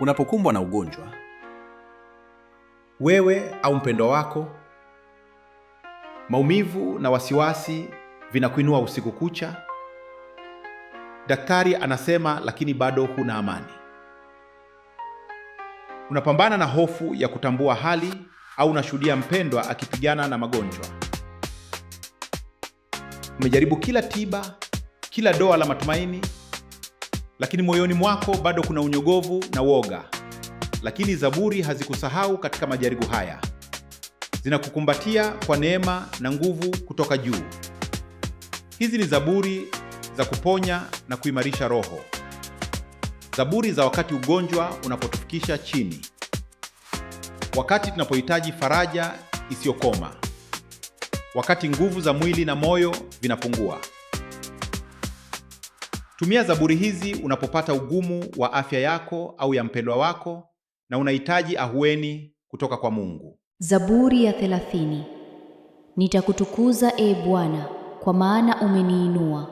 Unapokumbwa na ugonjwa, wewe au mpendwa wako, maumivu na wasiwasi vinakuinua usiku kucha. Daktari anasema, lakini bado huna amani. Unapambana na hofu ya kutambua hali, au unashuhudia mpendwa akipigana na magonjwa. Umejaribu kila tiba, kila doa la matumaini lakini moyoni mwako bado kuna unyogovu na woga. Lakini Zaburi hazikusahau katika majaribu haya, zinakukumbatia kwa neema na nguvu kutoka juu. Hizi ni zaburi za kuponya na kuimarisha roho, zaburi za wakati ugonjwa unapotufikisha chini, wakati tunapohitaji faraja isiyokoma, wakati nguvu za mwili na moyo vinapungua. Tumia zaburi hizi unapopata ugumu wa afya yako au ya mpendwa wako na unahitaji ahueni kutoka kwa Mungu. Zaburi ya 30. Nitakutukuza e Bwana, kwa maana umeniinua,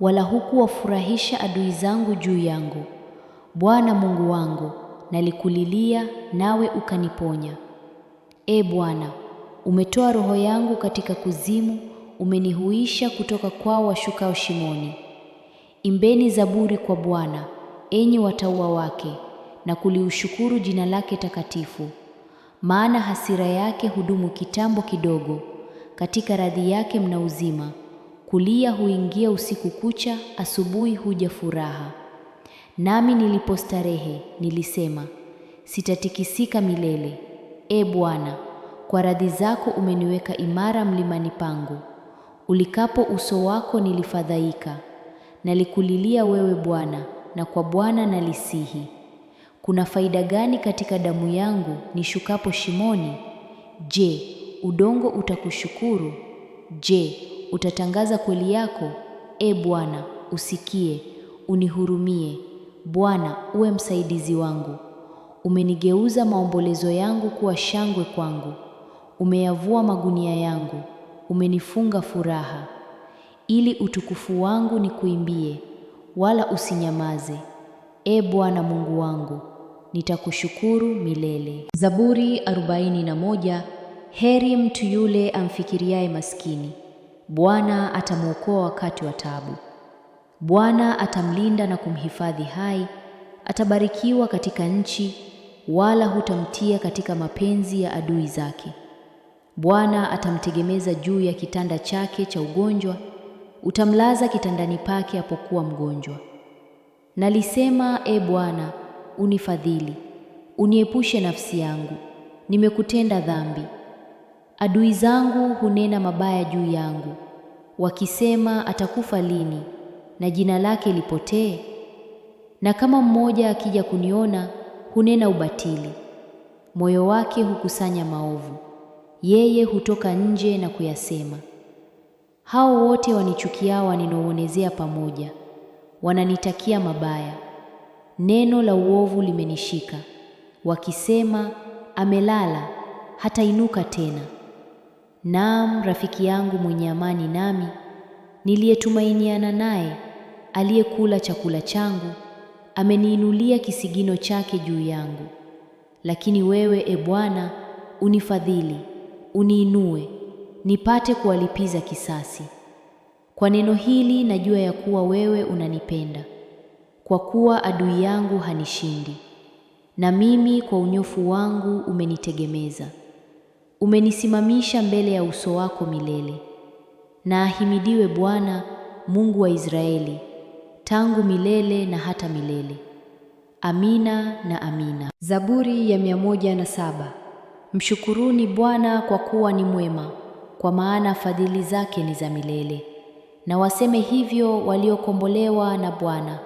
wala hukuwafurahisha adui zangu juu yangu. Bwana Mungu wangu, nalikulilia nawe ukaniponya. E Bwana, umetoa roho yangu katika kuzimu, umenihuisha kutoka kwao washukao shimoni. Imbeni zaburi kwa Bwana, enyi watauwa wake, na kuliushukuru jina lake takatifu. Maana hasira yake hudumu kitambo kidogo, katika radhi yake mna uzima. Kulia huingia usiku kucha, asubuhi huja furaha. Nami nilipostarehe nilisema, sitatikisika milele. E Bwana, kwa radhi zako umeniweka imara mlimani pangu. Ulikapo uso wako nilifadhaika nalikulilia wewe Bwana, na kwa Bwana nalisihi. Kuna faida gani katika damu yangu nishukapo shimoni? Je, udongo utakushukuru? Je, utatangaza kweli yako? E Bwana, usikie, unihurumie. Bwana, uwe msaidizi wangu. Umenigeuza maombolezo yangu kuwa shangwe kwangu. Umeyavua magunia yangu, umenifunga furaha ili utukufu wangu nikuimbie, wala usinyamaze. E Bwana Mungu wangu, nitakushukuru milele. Zaburi arobaini na moja. Heri mtu yule amfikiriaye maskini. Bwana atamwokoa wakati wa taabu. Bwana atamlinda na kumhifadhi hai, atabarikiwa katika nchi, wala hutamtia katika mapenzi ya adui zake. Bwana atamtegemeza juu ya kitanda chake cha ugonjwa utamlaza kitandani pake apokuwa mgonjwa. Nalisema, E Bwana, unifadhili, uniepushe nafsi yangu, nimekutenda dhambi. Adui zangu hunena mabaya juu yangu, wakisema, atakufa lini na jina lake lipotee? Na kama mmoja akija kuniona, hunena ubatili, moyo wake hukusanya maovu, yeye hutoka nje na kuyasema. Hao wote wanichukiao waninong'onezea pamoja, wananitakia mabaya. Neno la uovu limenishika, wakisema, amelala hatainuka tena. Naam, rafiki yangu mwenye amani nami, niliyetumainiana naye, aliyekula chakula changu, ameniinulia kisigino chake juu yangu. Lakini wewe, e Bwana, unifadhili, uniinue nipate kuwalipiza kisasi. Kwa neno hili najua ya kuwa wewe unanipenda, kwa kuwa adui yangu hanishindi, na mimi kwa unyofu wangu umenitegemeza. Umenisimamisha mbele ya uso wako milele. Na ahimidiwe Bwana Mungu wa Israeli tangu milele na hata milele. Amina na amina. Zaburi ya mia moja na saba. Mshukuruni Bwana kwa kuwa ni mwema kwa maana fadhili zake ni za milele. Na waseme hivyo waliokombolewa na Bwana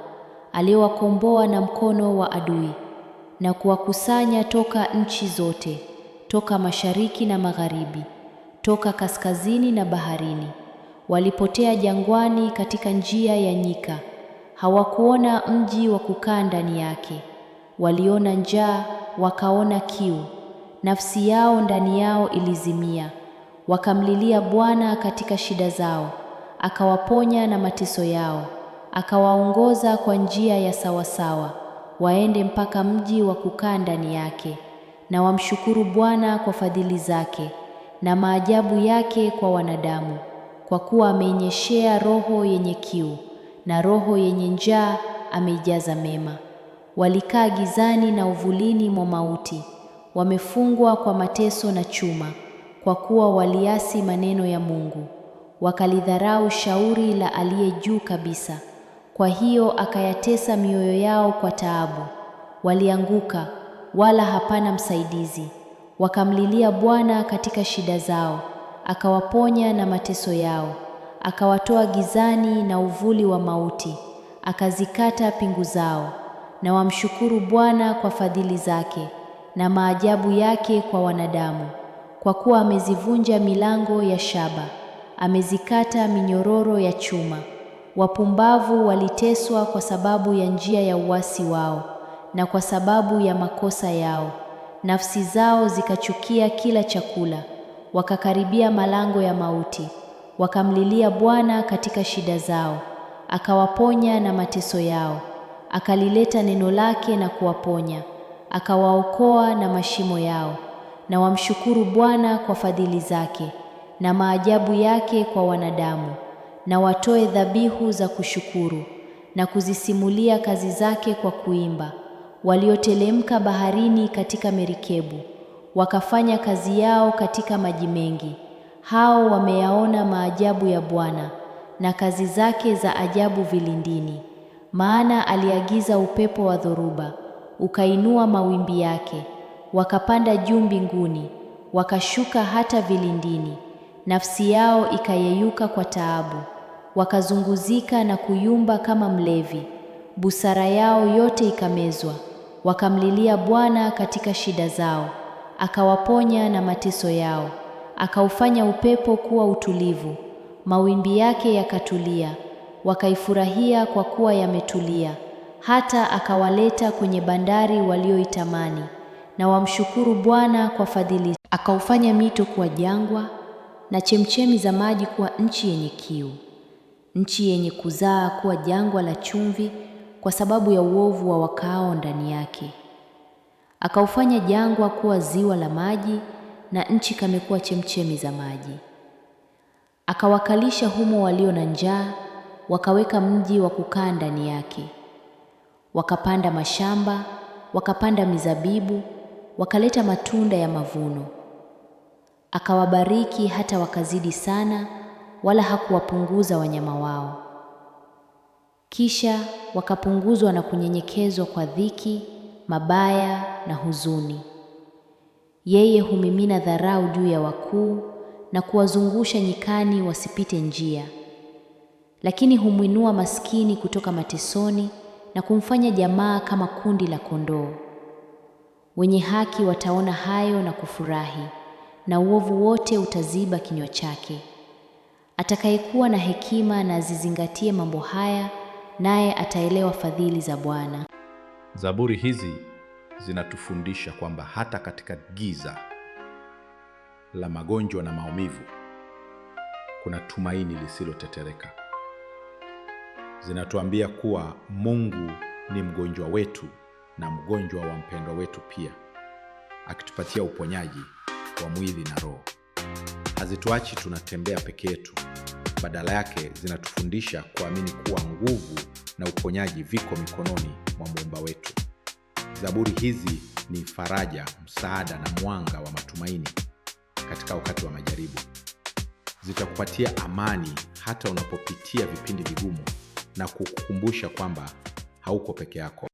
aliyowakomboa na mkono wa adui na kuwakusanya toka nchi zote, toka mashariki na magharibi, toka kaskazini na baharini. Walipotea jangwani katika njia ya nyika, hawakuona mji wa kukaa ndani yake. Waliona njaa, wakaona kiu, nafsi yao ndani yao ilizimia. Wakamlilia Bwana katika shida zao, akawaponya na mateso yao, akawaongoza kwa njia ya sawasawa, waende mpaka mji wa kukaa ndani yake, na wamshukuru Bwana kwa fadhili zake na maajabu yake kwa wanadamu, kwa kuwa ameinyeshea roho yenye kiu na roho yenye njaa ameijaza mema. Walikaa gizani na uvulini mwa mauti, wamefungwa kwa mateso na chuma kwa kuwa waliasi maneno ya Mungu, wakalidharau shauri la aliye juu kabisa. Kwa hiyo akayatesa mioyo yao kwa taabu, walianguka wala hapana msaidizi. Wakamlilia Bwana katika shida zao, akawaponya na mateso yao. Akawatoa gizani na uvuli wa mauti, akazikata pingu zao. Na wamshukuru Bwana kwa fadhili zake na maajabu yake kwa wanadamu kwa kuwa amezivunja milango ya shaba, amezikata minyororo ya chuma. Wapumbavu waliteswa kwa sababu ya njia ya uasi wao na kwa sababu ya makosa yao. Nafsi zao zikachukia kila chakula, wakakaribia malango ya mauti. Wakamlilia Bwana katika shida zao, akawaponya na mateso yao. Akalileta neno lake na kuwaponya, akawaokoa na mashimo yao na wamshukuru Bwana kwa fadhili zake na maajabu yake kwa wanadamu, na watoe dhabihu za kushukuru na kuzisimulia kazi zake kwa kuimba, waliotelemka baharini katika merikebu, wakafanya kazi yao katika maji mengi. Hao wameyaona maajabu ya Bwana na kazi zake za ajabu vilindini. Maana aliagiza upepo wa dhoruba, ukainua mawimbi yake wakapanda juu mbinguni, wakashuka hata vilindini. Nafsi yao ikayeyuka kwa taabu, wakazunguzika na kuyumba kama mlevi. Busara yao yote ikamezwa, wakamlilia Bwana katika shida zao, akawaponya na mateso yao. Akaufanya upepo kuwa utulivu, mawimbi yake yakatulia, wakaifurahia kwa kuwa yametulia. Hata akawaleta kwenye bandari walioitamani na wamshukuru Bwana kwa fadhili. Akaufanya mito kuwa jangwa na chemchemi za maji kuwa nchi yenye kiu, nchi yenye kuzaa kuwa jangwa la chumvi kwa sababu ya uovu wa wakaao ndani yake. Akaufanya jangwa kuwa ziwa la maji na nchi kamekuwa chemchemi za maji. Akawakalisha humo walio na njaa, wakaweka mji wa kukaa ndani yake. Wakapanda mashamba, wakapanda mizabibu wakaleta matunda ya mavuno. Akawabariki hata wakazidi sana, wala hakuwapunguza wanyama wao. Kisha wakapunguzwa na kunyenyekezwa kwa dhiki, mabaya na huzuni. Yeye humimina dharau juu ya wakuu na kuwazungusha nyikani wasipite njia, lakini humwinua maskini kutoka matesoni na kumfanya jamaa kama kundi la kondoo. Wenye haki wataona hayo na kufurahi, na uovu wote utaziba kinywa chake. Atakayekuwa na hekima na azizingatie mambo haya, naye ataelewa fadhili za Bwana. Zaburi hizi zinatufundisha kwamba hata katika giza la magonjwa na maumivu kuna tumaini lisilotetereka. Zinatuambia kuwa Mungu ni mgonjwa wetu na mgonjwa wa mpendwa wetu pia, akitupatia uponyaji wa mwili na roho. Hazituachi tunatembea peke yetu, badala yake zinatufundisha kuamini kuwa nguvu na uponyaji viko mikononi mwa muumba wetu. Zaburi hizi ni faraja, msaada na mwanga wa matumaini katika wakati wa majaribu. Zitakupatia amani hata unapopitia vipindi vigumu na kukukumbusha kwamba hauko peke yako.